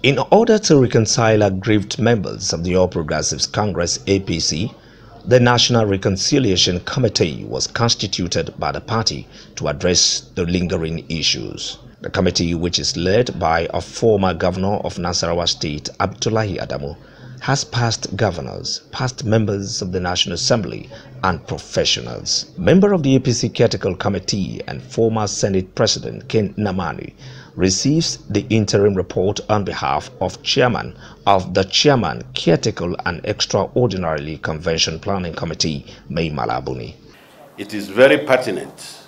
In order to reconcile aggrieved members of the All Progressives Congress APC, the National Reconciliation Committee was constituted by the party to address the lingering issues. The committee, which is led by a former governor of Nasarawa State, Abdullahi Adamu, has passed governors, past members of the National Assembly, and professionals. Member of the APC Critical Committee and former Senate President Ken Namani receives the interim report on behalf of chairman of the Chairman Critical and Extraordinarily Convention Planning Committee, May Malabuni. It is very pertinent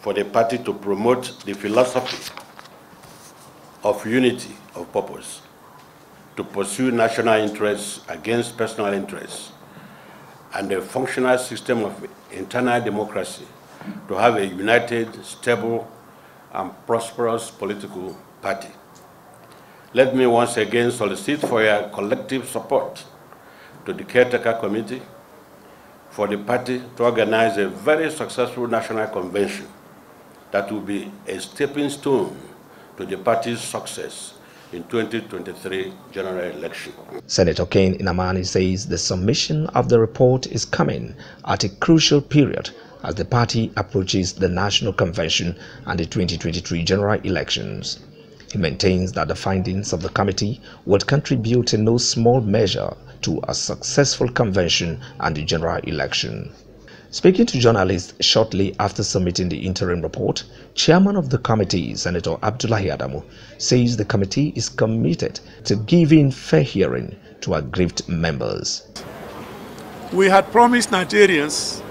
for the party to promote the philosophy of unity of purpose to pursue national interests against personal interests, and a functional system of internal democracy to have a united, stable, and prosperous political party. Let me once again solicit for your collective support to the Caretaker Committee for the party to organize a very successful national convention that will be a stepping stone to the party's success in 2023 general election. Senator Kane Inamani says the submission of the report is coming at a crucial period as the party approaches the National Convention and the 2023 general elections. He maintains that the findings of the committee would contribute in no small measure to a successful convention and the general election. Speaking to journalists shortly after submitting the interim report, Chairman of the committee, Senator Abdullahi Adamu, says the committee is committed to giving fair hearing to aggrieved members. We had promised Nigerians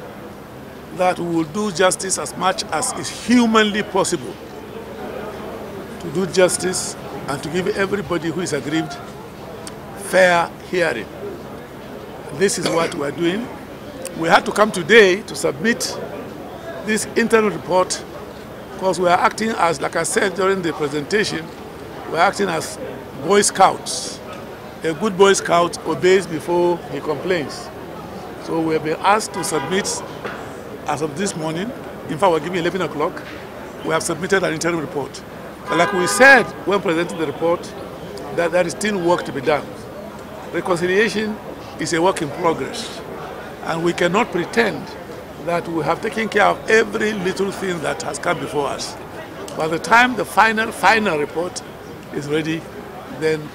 that we will do justice as much as is humanly possible to do justice and to give everybody who is aggrieved fair hearing. This is what we are doing we had to come today to submit this internal report because we are acting as, like I said during the presentation, we are acting as Boy Scouts. A good Boy Scout obeys before he complains. So we have been asked to submit as of this morning. In fact, we're giving 11 o'clock. We have submitted an internal report. But like we said when presenting the report, that there is still work to be done. Reconciliation is a work in progress. And we cannot pretend that we have taken care of every little thing that has come before us. By the time the final, final report is ready, then,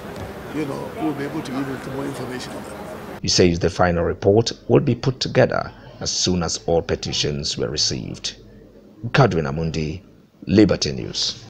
you know, we'll be able to give you more information on that. He says the final report will be put together as soon as all petitions were received. Kadwin Amundi, Liberty News.